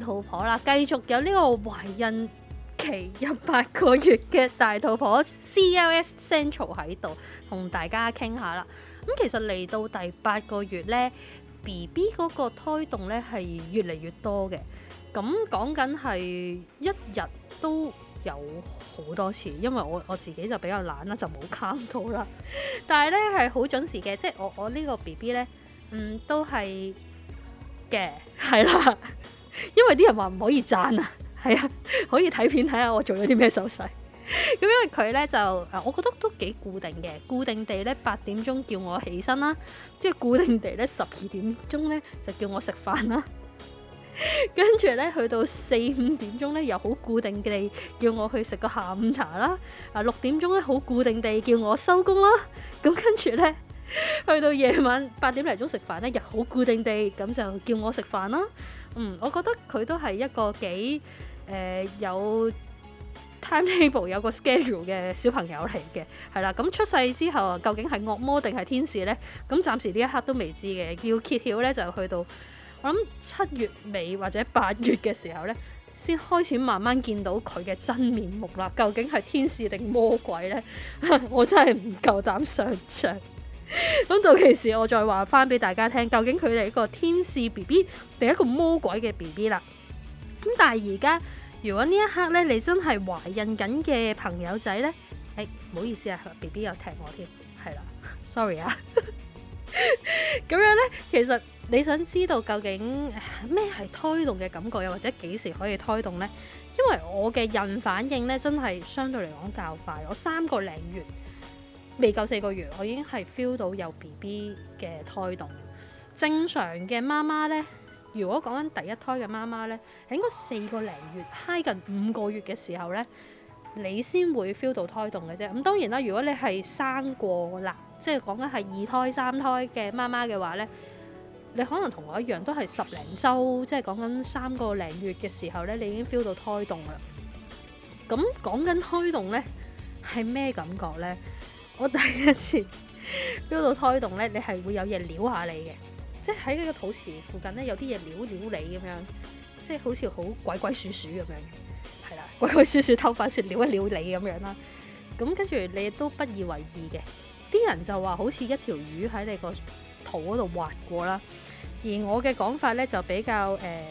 肚婆啦，繼續有呢個懷孕期有八個月嘅大肚婆 CLS Central 喺度同大家傾下啦。咁其實嚟到第八個月咧，B B 嗰個胎動咧係越嚟越多嘅。咁講緊係一日都有好多次，因為我我自己就比較懶啦，就冇 count 到啦。但係咧係好準時嘅，即係我我個寶寶呢個 B B 咧，嗯都係嘅，係啦。 因為啲人話唔可以讚啊，係啊，可以睇片睇下我做咗啲咩手勢。咁 因為佢呢，就，我覺得都幾固定嘅，固定地呢八點鐘叫我起身啦，即係固定地呢十二點鐘呢就叫我食飯啦。跟住呢去到四五點鐘呢又好固定地叫我去食個下午茶啦。啊六點鐘呢好固定地叫我收工啦。咁跟住呢去到夜晚八點嚟鐘食飯呢，又好固定地咁就叫我食飯啦。嗯，我覺得佢都係一個幾誒、呃、有 time table 有個 schedule 嘅小朋友嚟嘅，係啦。咁、嗯、出世之後，究竟係惡魔定係天使呢？咁暫時呢一刻都未知嘅，要揭曉呢，就去到我諗七月尾或者八月嘅時候呢，先開始慢慢見到佢嘅真面目啦。究竟係天使定魔鬼呢？ 我真係唔夠膽想像。咁到其時，我再話翻俾大家聽，究竟佢哋一個天使 B B 定一個魔鬼嘅 B B 啦。咁但係而家，如果呢一刻咧，你真係懷孕緊嘅朋友仔咧，誒、哎，唔好意思啊，B B 又踢我添，係啦，sorry 啊。咁 樣咧，其實你想知道究竟咩係胎動嘅感覺，又或者幾時可以胎動咧？因為我嘅孕反應咧，真係相對嚟講較快，我三個零月。未夠四個月，我已經係 feel 到有 BB 嘅胎動。正常嘅媽媽呢，如果講緊第一胎嘅媽媽呢，係應該四個零月嗨，近五個月嘅時候呢，你先會 feel 到胎動嘅啫。咁當然啦，如果你係生過啦，即係講緊係二胎、三胎嘅媽媽嘅話呢，你可能同我一樣，都係十零周，即係講緊三個零月嘅時候呢，你已經 feel 到胎動啦。咁講緊胎動呢，係咩感覺呢？我第一次飆到胎動咧，你係會有嘢撩下你嘅，即係喺呢個肚臍附近咧有啲嘢撩撩你咁樣，即係好似好鬼鬼祟祟咁樣，係啦，鬼鬼祟祟偷翻竊撩一撩你咁樣啦。咁跟住你都不以為意嘅，啲人就話好似一條魚喺你個肚嗰度滑過啦。而我嘅講法咧就比較誒、呃、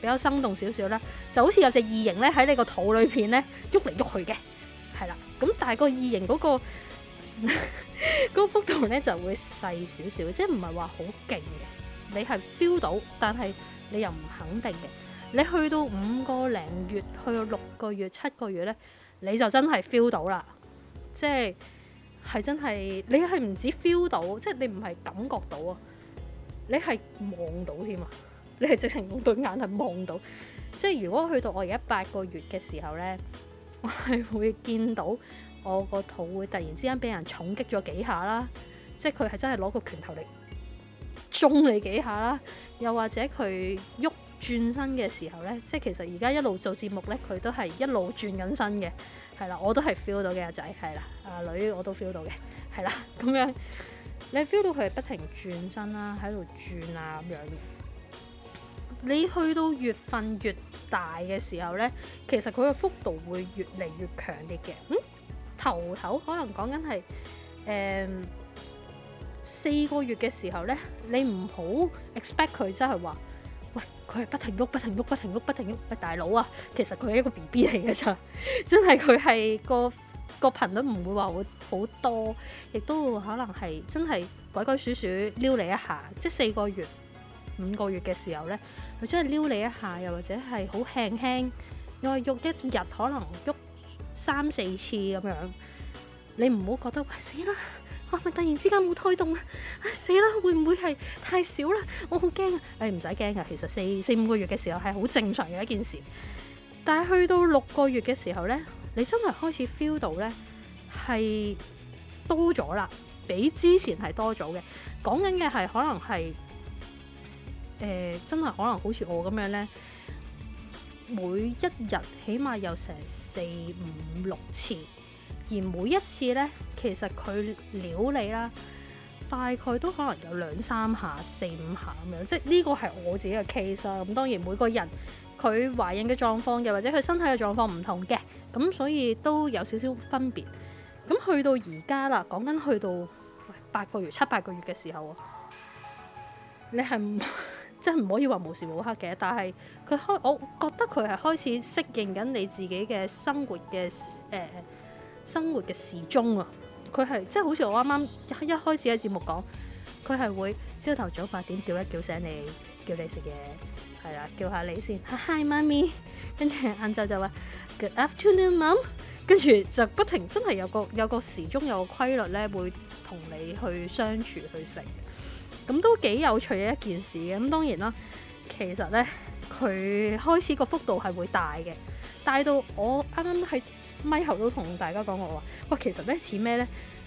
比較生動少少啦，就好似有隻異形咧喺你個肚裏邊咧喐嚟喐去嘅，係啦。咁但係個異形嗰個。個 幅度咧就會細少少，即係唔係話好勁嘅。你係 feel 到，但係你又唔肯定嘅。你去到五個零月，去到六個月、七個月咧，你就真係 feel 到啦。即係係真係，你係唔止 feel 到，即係你唔係感覺到啊，你係望到添啊。你係直情用對眼係望到。即係如果去到我而家八個月嘅時候咧，我係會見到。我個肚會突然之間俾人重擊咗幾下啦，即係佢係真係攞個拳頭嚟中你幾下啦，又或者佢喐轉身嘅時候呢，即係其實而家一路做節目呢，佢都係一路轉緊身嘅，係啦，我都係 feel 到嘅阿仔，係啦，阿、啊、女我都 feel 到嘅，係啦，咁樣你 feel 到佢係不停轉身啦，喺度轉啊咁樣。你去到月份越大嘅時候呢，其實佢嘅幅度會越嚟越強啲嘅，嗯頭頭可能講緊係誒四個月嘅時候咧，你唔好 expect 佢真係話，喂，佢係不停喐不停喐不停喐不停喐，哎，大佬啊，其實佢係一個 B B 嚟嘅咋，真係佢係個個頻率唔會話會好多，亦都可能係真係鬼鬼祟祟撩你一下，即四個月五個月嘅時候咧，佢真係撩你一下，又或者係好輕輕，因為喐一日可能喐。三四次咁樣，你唔好覺得喂、啊、死啦，我咪突然之間冇胎動啊，啊死啦，會唔會係太少啦？我好驚啊！誒唔使驚噶，其實四四五個月嘅時候係好正常嘅一件事。但係去到六個月嘅時候呢，你真係開始 feel 到呢係多咗啦，比之前係多咗嘅。講緊嘅係可能係誒、呃，真係可能好似我咁樣呢。每一日起碼有成四五六次，而每一次呢，其實佢撩你啦，大概都可能有兩三下、四五下咁樣。即係呢個係我自己嘅 case 啦，啊。咁當然，每個人佢懷孕嘅狀況，又或者佢身體嘅狀況唔同嘅，咁所以都有少少分別。咁去到而家啦，講緊去到八個月、七八個月嘅時候，你係即係唔可以話無時無刻嘅，但係佢開，我覺得佢係開始適應緊你自己嘅生活嘅誒、呃，生活嘅時鐘啊，佢係即係好似我啱啱一一開始喺節目講，佢係會朝頭早八點叫一叫醒你，叫你食嘢，係啦，叫下你先、oh，hi mommy，跟住晏晝就話 good afternoon mum，跟住就不停，真係有個有個時鐘，有個規律咧，會同你去相處去食。咁都幾有趣嘅一件事嘅，咁當然啦。其實咧，佢開始個幅度係會大嘅，大到我啱啱喺咪後都同大家講過話，哇！其實咧似咩咧？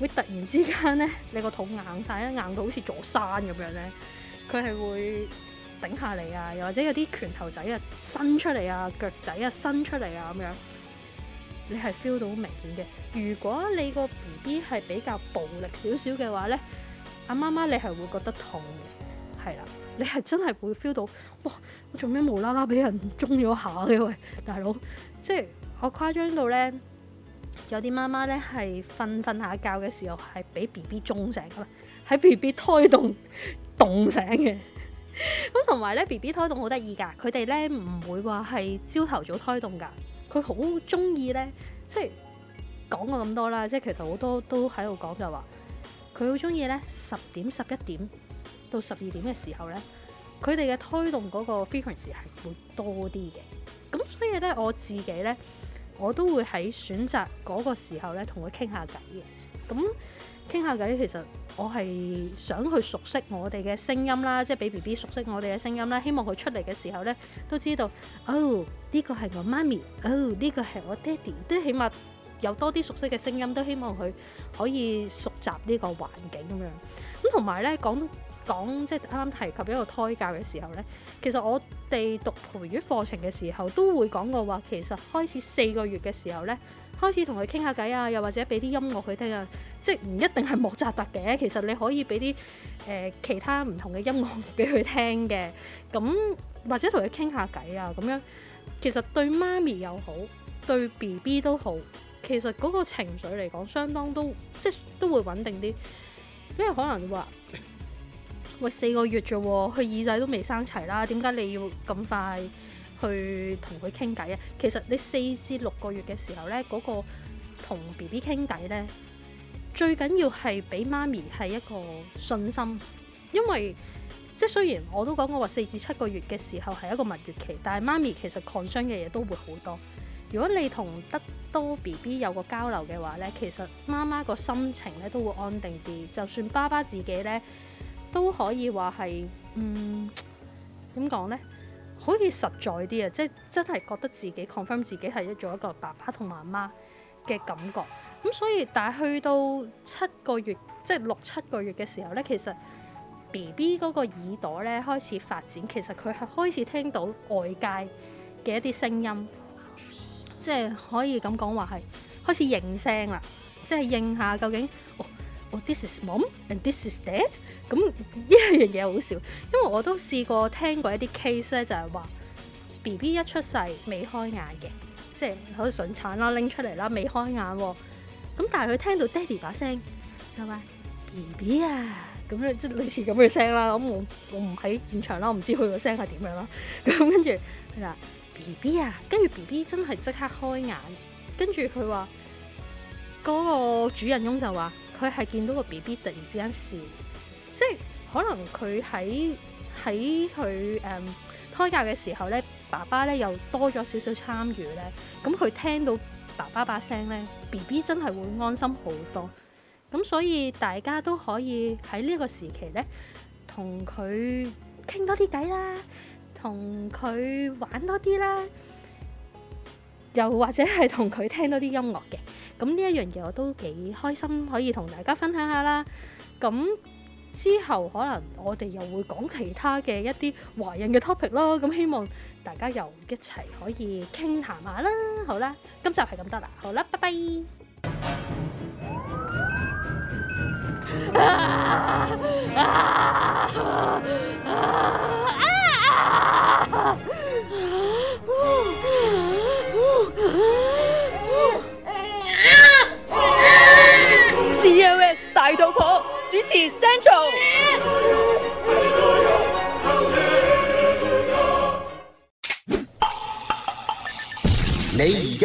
會突然之間咧，你個肚硬晒咧，硬到好似座山咁樣咧，佢係會頂下你啊，又或者有啲拳頭仔啊伸出嚟啊，腳仔啊伸出嚟啊咁樣，你係 feel 到明顯嘅。如果你個 B B 係比較暴力少少嘅話咧，阿媽媽，你係會覺得痛嘅，係啦，你係真係會 feel 到，哇！我做咩無啦啦俾人中咗下嘅喂，大佬，即係我誇張到咧，有啲媽媽咧係瞓瞓下覺嘅時候係俾 BB 中醒嘅，喺 BB 胎動動醒嘅。咁同埋咧，BB 胎動好得意㗎，佢哋咧唔會話係朝頭早胎動㗎，佢好中意咧，即係講過咁多啦，即係其實好多都喺度講就話、是。佢好中意咧，十點十一點到十二點嘅時候咧，佢哋嘅胎動嗰個 frequency 係會多啲嘅。咁所以咧，我自己咧，我都會喺選擇嗰個時候咧，同佢傾下偈嘅。咁傾下偈，其實我係想去熟悉我哋嘅聲音啦，即係俾 B B 熟悉我哋嘅聲音啦。希望佢出嚟嘅時候咧都知道，哦、oh, 呢個係我媽咪，哦、oh, 呢個係我爹哋，都、oh, 起碼。有多啲熟悉嘅聲音，都希望佢可以熟習呢個環境咁樣。咁同埋咧，講講即係啱啱提及一個胎教嘅時候咧，其實我哋讀培育課程嘅時候都會講過話，其實開始四個月嘅時候咧，開始同佢傾下偈啊，又或者俾啲音樂佢聽啊，即係唔一定係莫扎特嘅，其實你可以俾啲誒其他唔同嘅音樂俾佢聽嘅。咁或者同佢傾下偈啊，咁樣其實對媽咪又好，對 BB 都好。其實嗰個情緒嚟講，相當都即係都會穩定啲，因為可能話喂四個月啫，佢耳仔都未生齊啦，點解你要咁快去同佢傾偈啊？其實你四至六個月嘅時候呢，嗰個同 BB 傾偈呢，最緊要係俾媽咪係一個信心，因為即係雖然我都講過話四至七個月嘅時候係一個蜜月期，但係媽咪其實擴張嘅嘢都會好多。如果你同得多 BB 有個交流嘅話咧，其實媽媽個心情咧都會安定啲。就算爸爸自己咧都可以話係，嗯點講咧，可以實在啲啊，即係真係覺得自己 confirm 自己係做一個爸爸同媽媽嘅感覺。咁所以，但係去到七個月，即係六七個月嘅時候咧，其實 BB 嗰個耳朵咧開始發展，其實佢係開始聽到外界嘅一啲聲音。即係可以咁講話係開始認聲啦，即係認下究竟哦哦、oh, oh,，this is mom and this is dad。咁呢一樣嘢好笑，因為我都試過聽過一啲 case 咧，就係話 B B 一出世未開眼嘅，即係可能順產啦拎出嚟啦，未開眼喎。咁但係佢聽到爹哋把聲就話 B B 啊，咁樣即係類似咁嘅聲啦。咁我我唔喺現場啦，我唔知佢個聲係點樣啦。咁跟住嗱。B B 啊，跟住 B B 真係即刻開眼，跟住佢話嗰個主人翁就話，佢係見到個 B B 突然之間笑，即係可能佢喺喺佢誒胎教嘅時候咧，爸爸咧又多咗少少參與咧，咁佢聽到爸爸把聲咧，B B 真係會安心好多，咁所以大家都可以喺呢個時期咧，同佢傾多啲偈啦。同佢玩多啲啦，又或者係同佢聽多啲音樂嘅，咁呢一樣嘢我都幾開心，可以同大家分享下啦。咁之後可能我哋又會講其他嘅一啲懷孕嘅 topic 咯，咁希望大家又一齊可以傾談下啦。好啦，今集係咁多啦，好啦，拜拜。